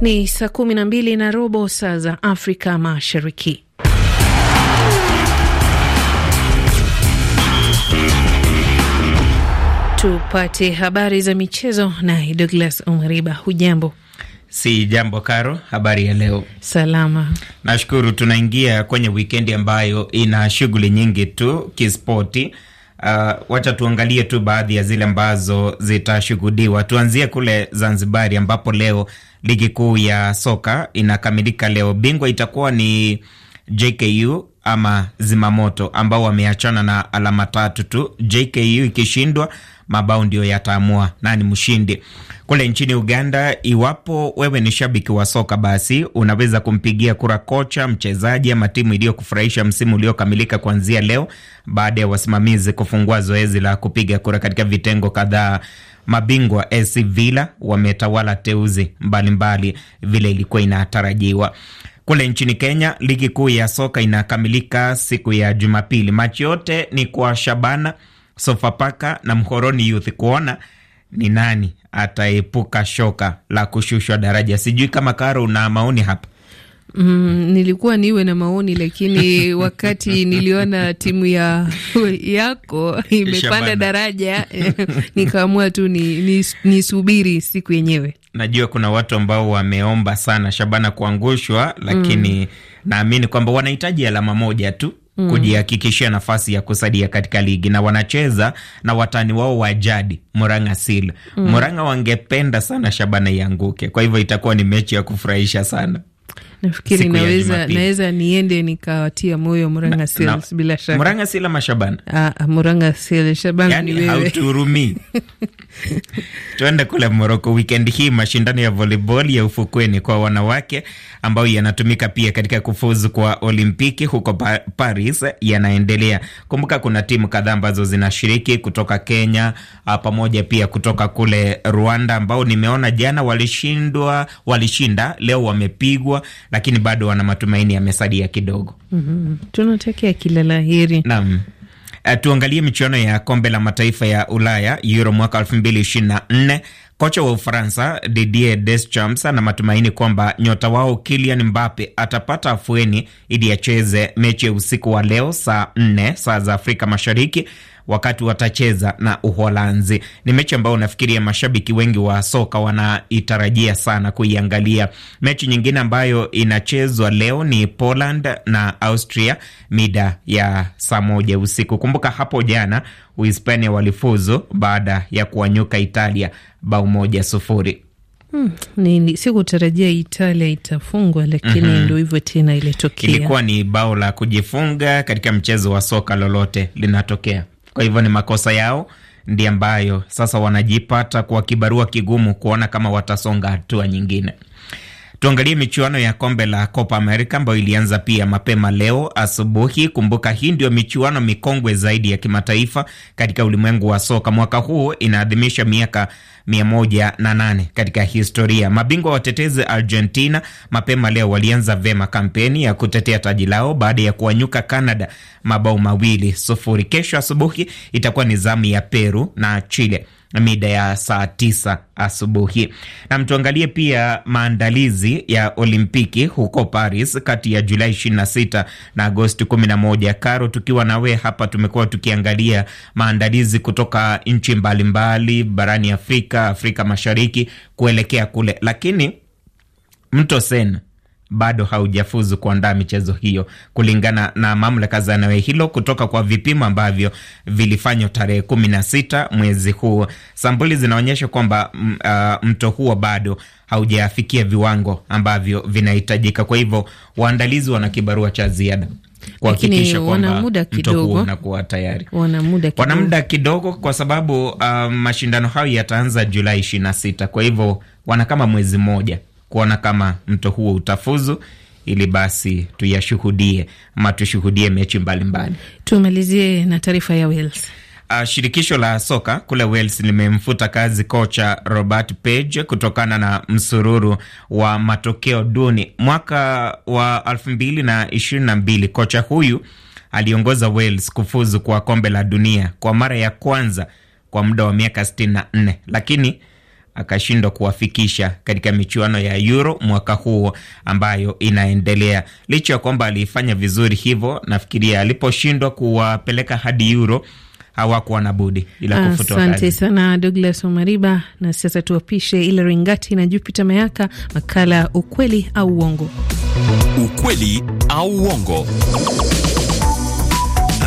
Ni saa kumi na mbili na robo saa za Afrika Mashariki. Tupate habari za michezo na Douglas Omariba. Hujambo? Si jambo Karo, habari ya leo? Salama, nashukuru. Tunaingia kwenye wikendi ambayo ina shughuli nyingi tu kispoti Uh, wacha tuangalie tu baadhi ya zile ambazo zitashughudiwa Tuanzie kule Zanzibari ambapo leo ligi kuu ya soka inakamilika leo. Bingwa itakuwa ni JKU ama Zimamoto ambao wameachana na alama tatu tu, JKU ikishindwa mabao ndio yataamua nani mshindi. Kule nchini Uganda, iwapo wewe ni shabiki wa soka, basi unaweza kumpigia kura kocha, mchezaji ama timu iliyokufurahisha msimu uliokamilika kuanzia leo, baada ya wasimamizi kufungua zoezi la kupiga kura katika vitengo kadhaa. Mabingwa AC Villa wametawala teuzi mbalimbali vile ilikuwa inatarajiwa. Kule nchini Kenya, ligi kuu ya soka inakamilika siku ya Jumapili. Machi yote ni kwa Shabana Sofapaka na Mhoroni Youth kuona ni nani ataepuka shoka la kushushwa daraja. Sijui kama Karo una maoni hapa. Mm, nilikuwa niwe na maoni lakini wakati niliona timu ya yako imepanda daraja nikaamua tu nisubiri ni, ni siku yenyewe. Najua kuna watu ambao wameomba sana Shabana kuangushwa, lakini mm, naamini kwamba wanahitaji alama moja tu mm. kujihakikishia nafasi ya kusadia katika ligi na wanacheza na watani wao wa jadi Muranga Seal. Mm. Muranga wangependa sana Shabana ianguke, kwa hivyo itakuwa ni mechi ya kufurahisha sana. Nafikiri naweza naweza niende nikawatia moyo Muranga Sales bila shaka. Muranga Sila Mashabana. Ah, ah, Muranga yani ni wewe. Hauturumi. Tuende kule Moroko weekend hii, mashindano ya volleyball ya ufukweni kwa wanawake ambayo yanatumika pia katika kufuzu kwa Olimpiki huko pa Paris yanaendelea. Kumbuka kuna timu kadhaa ambazo zinashiriki kutoka Kenya ah, pamoja pia kutoka kule Rwanda ambao nimeona jana walishindwa, walishinda, leo wamepigwa lakini bado wana matumaini yamesalia kidogo. Mm -hmm. Tunatakia kila la heri. Naam. Eh, tuangalie michuano ya kombe la mataifa ya Ulaya Euro mwaka 2024. Kocha wa Ufaransa Didier Deschamps ana matumaini kwamba nyota wao Kylian Mbappe atapata afueni ili acheze mechi ya usiku wa leo saa 4 saa za Afrika Mashariki wakati watacheza na Uholanzi. Ni mechi ambayo nafikiria mashabiki wengi wa soka wanaitarajia sana kuiangalia. Mechi nyingine ambayo inachezwa leo ni Poland na Austria mida ya saa moja usiku. Kumbuka hapo jana Uhispania walifuzu baada ya kuwanyuka Italia bao moja sufuri. Hmm, sikutarajia Italia itafungwa lakini, mm -hmm. Ndo hivyo tena, ilitokea. Ilikuwa ni bao la kujifunga katika mchezo wa soka, lolote linatokea. Kwa hivyo ni makosa yao ndi ambayo sasa wanajipata kwa kibarua kigumu kuona kama watasonga hatua nyingine. Tuangalie michuano ya kombe la Copa America ambayo ilianza pia mapema leo asubuhi. Kumbuka, hii ndio michuano mikongwe zaidi ya kimataifa katika ulimwengu wa soka. Mwaka huu inaadhimisha miaka mia moja na nane katika historia. Mabingwa watetezi Argentina mapema leo walianza vema kampeni ya kutetea taji lao baada ya kuwanyuka Canada mabao mawili sufuri. Kesho asubuhi itakuwa ni zamu ya Peru na Chile mida ya saa tisa asubuhi. Na mtuangalie pia maandalizi ya Olimpiki huko Paris kati ya Julai 26 na Agosti 11. Karo, tukiwa nawe hapa tumekuwa tukiangalia maandalizi kutoka nchi mbalimbali barani Afrika, Afrika Mashariki kuelekea kule, lakini mto Sen bado haujafuzu kuandaa michezo hiyo kulingana na mamlaka za eneo hilo, kutoka kwa vipimo ambavyo vilifanywa tarehe kumi na sita mwezi huu. Sampuli zinaonyesha kwamba uh, mto huo bado haujafikia viwango ambavyo vinahitajika. Kwa hivyo waandalizi wana kibarua cha ziada kuhakikisha kwamba mto huo unakuwa tayari. Wana muda kidogo, wana muda kidogo kwa sababu uh, mashindano hayo yataanza Julai ishirini na sita. Kwa hivyo wana kama mwezi mmoja kuona kama mto huo utafuzu ili basi tuyashuhudie ama tushuhudie mechi mbalimbali. Tumalizie na taarifa ya Wales. Uh, shirikisho la soka kule Wales limemfuta kazi kocha Robert Page kutokana na msururu wa matokeo duni. Mwaka wa elfu kocha huyu aliongoza Wales kufuzu kwa kombe la dunia kwa mara ya kwanza kwa muda wa miaka 64 lakini akashindwa kuwafikisha katika michuano ya Euro mwaka huo ambayo inaendelea. Licha ya kwamba alifanya vizuri hivyo, nafikiria aliposhindwa kuwapeleka hadi Euro hawakuwa na budi ila kufutwa kazi. Asante sana Douglas Omariba, na sasa tuwapishe ile Ringati na Jupiter Mayaka, makala ukweli au uongo. Ukweli au uongo.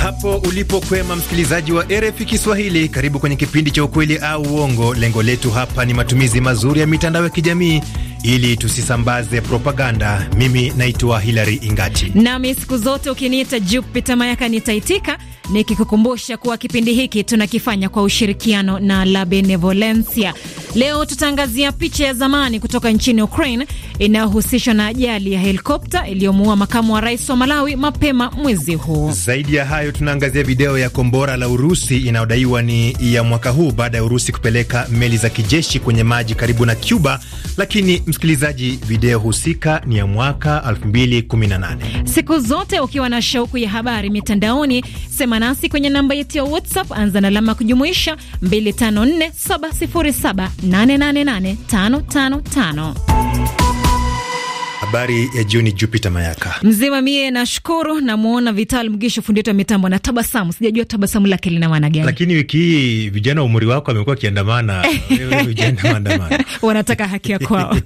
Hapo ulipokwema, msikilizaji wa RFI Kiswahili, karibu kwenye kipindi cha ukweli au uongo. Lengo letu hapa ni matumizi mazuri ya mitandao ya kijamii ili tusisambaze propaganda. Mimi naitwa Hilary Ingati, nami siku zote ukiniita Jupita Mayaka nitaitika, nikikukumbusha kuwa kipindi hiki tunakifanya kwa ushirikiano na La Benevolencia. Leo tutaangazia picha ya zamani kutoka nchini Ukraine inayohusishwa na ajali ya helikopta iliyomuua makamu wa rais wa Malawi mapema mwezi huu. Zaidi ya hayo, tunaangazia video ya kombora la Urusi inayodaiwa ni ya mwaka huu baada ya Urusi kupeleka meli za kijeshi kwenye maji karibu na Cuba, lakini msikilizaji, video husika ni ya mwaka 2018. Siku zote ukiwa na shauku ya habari mitandaoni, sema nasi kwenye namba yetu ya WhatsApp, anza na alama kujumuisha 254707888555 habari ya jioni, Jupiter Mayaka. Mzima mie nashukuru. Namwona Vital Mgisho, fundi wetu wa mitambo, na tabasamu. Sijajua tabasamu lake lina maana gani, lakini wiki hii vijana wa umri wako amekuwa wakiandamana wanataka haki ya kwao.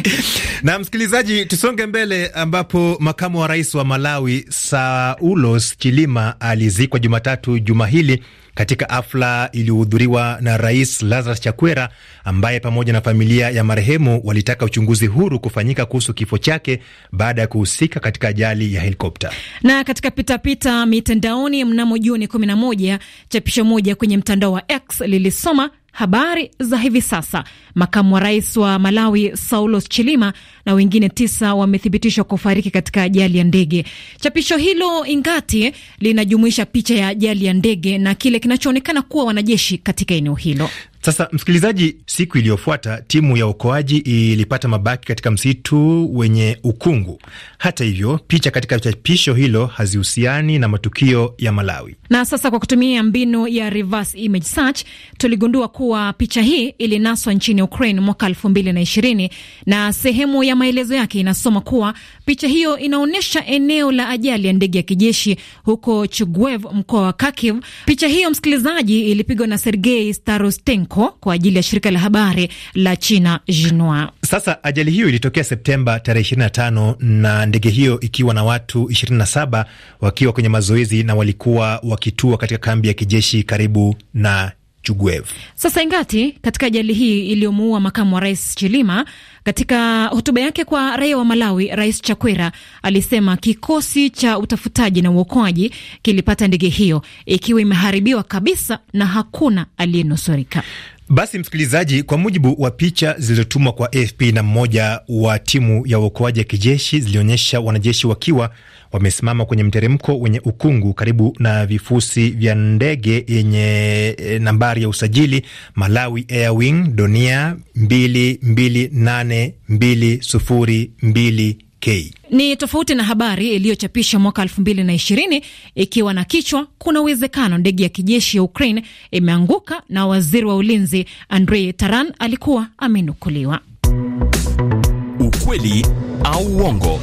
Na msikilizaji, tusonge mbele, ambapo makamu wa rais wa Malawi Saulos Chilima alizikwa Jumatatu juma hili katika afla iliyohudhuriwa na Rais Lazarus Chakwera ambaye pamoja na familia ya marehemu walitaka uchunguzi huru kufanyika kuhusu kifo chake baada ya kuhusika katika ajali ya helikopta. Na katika pitapita mitandaoni, mnamo Juni 11 chapisho moja kwenye mtandao wa X lilisoma Habari za hivi sasa, makamu wa rais wa Malawi Saulos Chilima na wengine tisa wamethibitishwa kufariki katika ajali ya ndege. Chapisho hilo ingati linajumuisha picha ya ajali ya ndege na kile kinachoonekana kuwa wanajeshi katika eneo hilo. Sasa msikilizaji, siku iliyofuata timu ya uokoaji ilipata mabaki katika msitu wenye ukungu. Hata hivyo, picha katika chapisho hilo hazihusiani na matukio ya Malawi. Na sasa kwa kutumia mbinu ya reverse image search, tuligundua kuwa picha hii ilinaswa nchini Ukraine mwaka elfu mbili na ishirini na sehemu ya maelezo yake inasoma kuwa picha hiyo inaonyesha eneo la ajali ya ndege ya kijeshi huko Chuguev, mkoa wa Kharkiv. Picha hiyo msikilizaji, ilipigwa na Sergei Starostenko Bamako kwa ajili ya shirika la habari la China Xinhua. Sasa ajali hiyo ilitokea Septemba tarehe 25 na ndege hiyo ikiwa na watu 27 wakiwa kwenye mazoezi na walikuwa wakitua katika kambi ya kijeshi karibu na Chuguev. Sasa ingati katika ajali hii iliyomuua makamu wa rais Chilima, katika hotuba yake kwa raia wa Malawi, Rais Chakwera alisema kikosi cha utafutaji na uokoaji kilipata ndege hiyo ikiwa imeharibiwa kabisa na hakuna aliyenusurika. Basi msikilizaji, kwa mujibu wa picha zilizotumwa kwa AFP na mmoja wa timu ya uokoaji ya kijeshi zilionyesha wanajeshi wakiwa wamesimama kwenye mteremko wenye ukungu karibu na vifusi vya ndege yenye eh, nambari ya usajili Malawi Airwing Donia 228202 K. Ni tofauti na habari iliyochapishwa mwaka elfu mbili na ishirini ikiwa na kichwa kuna uwezekano ndege ya kijeshi ya Ukraine imeanguka na waziri wa ulinzi Andrei Taran alikuwa amenukuliwa. Ukweli au uongo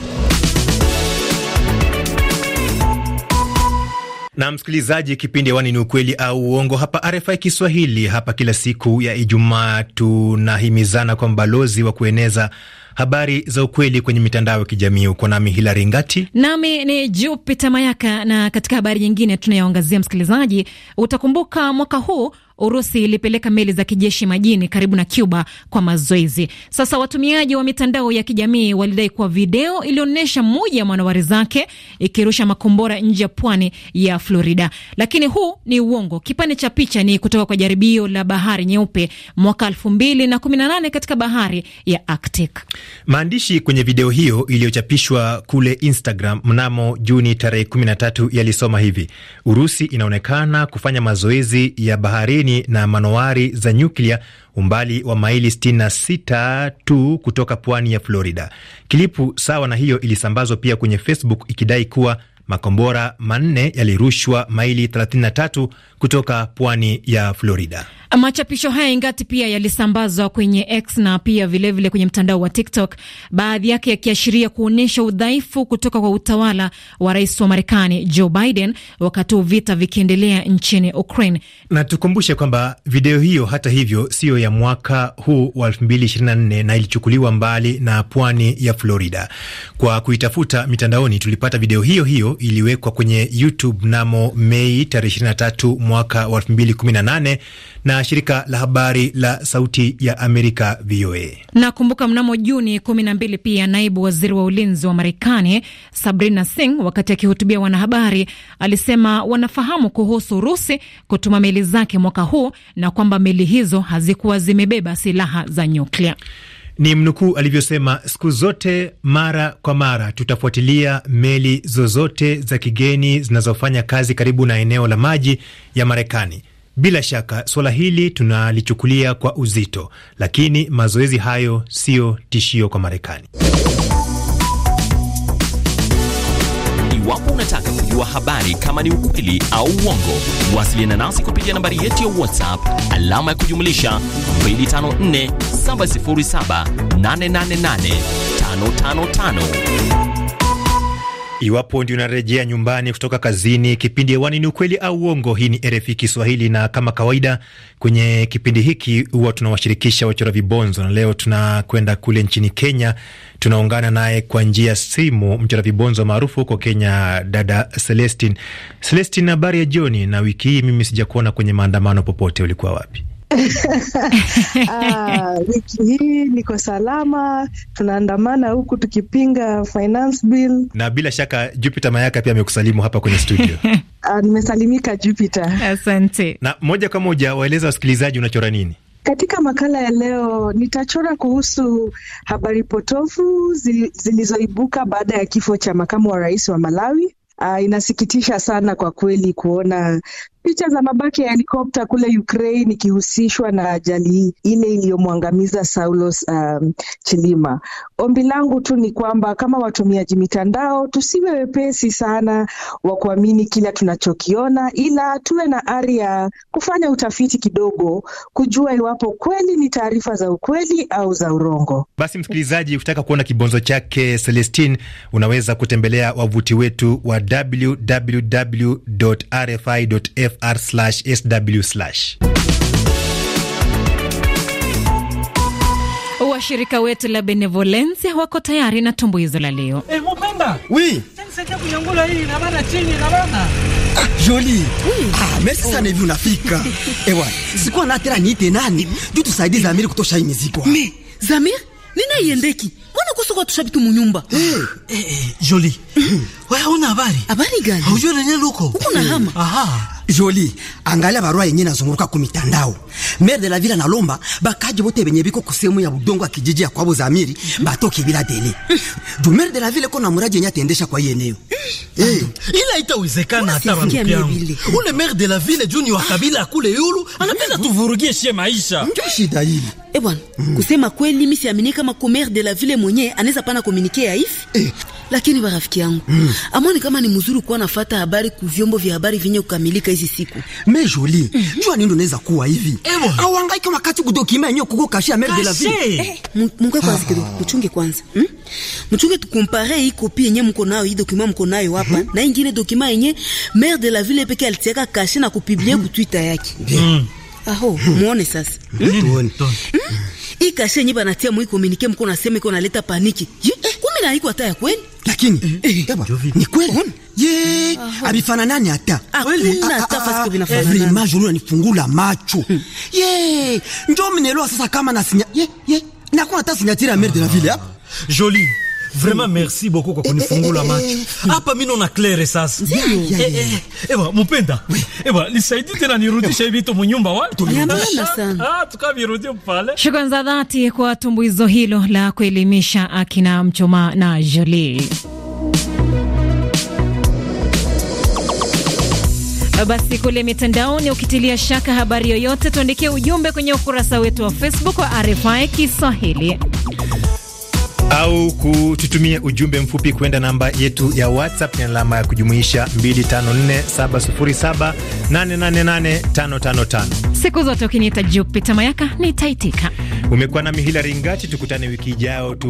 Na msikilizaji, kipindi hewani ni ukweli au uongo, hapa RFI Kiswahili. Hapa kila siku ya Ijumaa tunahimizana kwa mbalozi wa kueneza habari za ukweli kwenye mitandao ya kijamii. Uko nami Hilari Ngati, nami ni Jupita Mayaka. Na katika habari nyingine tunayoangazia, msikilizaji, utakumbuka mwaka huu Urusi ilipeleka meli za kijeshi majini karibu na Cuba kwa mazoezi. Sasa watumiaji wa mitandao ya kijamii walidai kuwa video ilionyesha mmoja ya manowari zake ikirusha makombora nje ya pwani ya Florida, lakini huu ni uongo. Kipande cha picha ni kutoka kwa jaribio la bahari nyeupe mwaka elfu na kumi na nane katika bahari ya Arctic. Maandishi kwenye video hiyo iliyochapishwa kule Instagram mnamo Juni tarehe 13 yalisoma hivi: Urusi inaonekana kufanya mazoezi ya baharini kusini na manowari za nyuklia umbali wa maili 66 tu kutoka pwani ya Florida. Klipu sawa na hiyo ilisambazwa pia kwenye Facebook ikidai kuwa makombora manne yalirushwa maili 33 kutoka pwani ya Florida. Machapisho haya ingati pia yalisambazwa kwenye X na pia vilevile vile kwenye mtandao wa TikTok, baadhi yake yakiashiria kuonyesha udhaifu kutoka kwa utawala wa rais wa Marekani Joe Biden wakati huu vita vikiendelea nchini Ukraine. Na tukumbushe kwamba video hiyo hata hivyo siyo ya mwaka huu wa 2024 na ilichukuliwa mbali na pwani ya Florida. Kwa kuitafuta mitandaoni, tulipata video hiyo hiyo iliwekwa kwenye YouTube mnamo Mei tarehe 23 mwaka wa 2018 na shirika la habari la Sauti ya Amerika, VOA. Nakumbuka mnamo Juni 12 pia naibu waziri wa ulinzi wa Marekani Sabrina Singh, wakati akihutubia wanahabari, alisema wanafahamu kuhusu Urusi kutuma meli zake mwaka huu na kwamba meli hizo hazikuwa zimebeba silaha za nyuklia. Ni mnukuu alivyosema: siku zote, mara kwa mara, tutafuatilia meli zozote za kigeni zinazofanya kazi karibu na eneo la maji ya Marekani. Bila shaka suala hili tunalichukulia kwa uzito, lakini mazoezi hayo siyo tishio kwa Marekani. Iwapo unataka kujua habari kama ni ukweli au uongo, wasiliana nasi kupitia nambari yetu ya WhatsApp alama ya kujumlisha 254 707 888 555. Iwapo ndio unarejea nyumbani kutoka kazini, kipindi hewani ni ukweli au uongo. Hii ni RFI Kiswahili, na kama kawaida kwenye kipindi hiki huwa tunawashirikisha wachora vibonzo, na leo tunakwenda kule nchini Kenya. Tunaungana naye kwa njia ya simu mchora vibonzo maarufu huko Kenya, dada Celestin. Celestin, habari ya jioni. Na wiki hii mimi sijakuona kwenye maandamano popote, ulikuwa wapi? Ah, wiki hii niko salama, tunaandamana huku tukipinga finance bill. Na bila shaka Jupiter Mayaka pia amekusalimu hapa kwenye studio. Ah, nimesalimika Jupiter, asante. Na moja kwa moja waeleza wasikilizaji unachora nini? Katika makala ya leo nitachora kuhusu habari potofu zilizoibuka baada ya kifo cha makamu wa rais wa Malawi. Uh, inasikitisha sana kwa kweli kuona Picha za mabaki ya helikopta kule Ukraine ikihusishwa na ajali hii ile iliyomwangamiza Saulos um, Chilima. Ombi langu tu ni kwamba kama watumiaji mitandao tusiwe wepesi sana wa kuamini kila tunachokiona, ila tuwe na ari ya kufanya utafiti kidogo, kujua iwapo kweli ni taarifa za ukweli au za urongo. Basi msikilizaji, ukitaka kuona kibonzo chake Celestine, unaweza kutembelea wavuti wetu wa www.rfi.fr fr/sw. Washirika wetu la Benevolencia wako tayari na tumbuizo la leo. Eh, Mupenda. Oui. Ah, joli. Ah, merci oh. sana hivi unafika. Ewa, sikuwa na tena niite nani? Juu tusaidie Zamiri kutosha hii mizigo. Me, Zamir? Nina iendeki. Mbona kusoko tushabitu munyumba? Eh, eh, eh joli. Eh. Wewe una habari? Habari gani? Haujui nini luko? na eh. hama? Aha joli angalia barua yenye nazunguruka ku mitandao. Maire de la ville analomba bakaji bote benye biko kusemu ya budongo ya kijiji ya kwabo Zamiri mhm. batoke bila dele. Du maire de la ville kona muraji yenye atendesha kwa hiyo eneo. Eh, ila itawezekana hata bantu Ule maire de la ville junior wa kabila kule yulu anapenda tuvurugie shie maisha. Ndio shida hili. Eh bwana, mm. kusema kweli mimi siamini kama ku maire de la ville mwenye anaweza pana komunike ya hivi. Eh, lakini barafiki yangu mm. amoni kama ni mzuri kuwa nafata habari ku vyombo vya habari vinye kukamilika hizi siku me joli mm. jua nindo naweza kuwa hivi eh, awangai wakati kati kudokima yenyewe kuko kashia mer de la vie eh, mungwe kwanza ah. kidogo mchunge kwanza mm? mchunge tukompare hii kopi yenyewe mko nayo hii document mko nayo hapa mm -hmm. na ingine document yenye mer de la ville peke alitiaka kashia na kupiblia mm -hmm. ku Twitter yake mm. aho hmm. muone sasa mm? mm. mm. mm. mm. kashi yenyewe banatia mwi communique mko nasema iko naleta paniki Je? Mimi haiko hata ya kweli. Lakini mm-hmm. eh, eh. ni kweli. Ye, hata macho. Ye, sasa kama na sinya. Ye, ye. hata sinyatira merde na vile hapa. Ah. Jolie. Vraiment merci beaucoup kwa eh, eh, kunifungula eh, macho. Hapa mimi naona claire sasa. Ewa mupenda Ewa nisaidie tena nirudishe hivi vitu mnyumba watu. Ah, tukavirudie pale. Shukrani za dhati kwa tumbuizo hilo la kuelimisha akina Mchoma na joli Basi kule mitandaoni, ukitilia shaka habari yoyote, tuandikie ujumbe kwenye ukurasa wetu wa Facebook wa RFI Kiswahili au kututumia ujumbe mfupi kwenda namba yetu ya WhatsApp ya alama ya kujumuisha 254707888555. Siku zote ukiniita Jupita Mayaka nitaitika. Umekuwa nami Hilari Ngati, tukutane wiki ijayo tu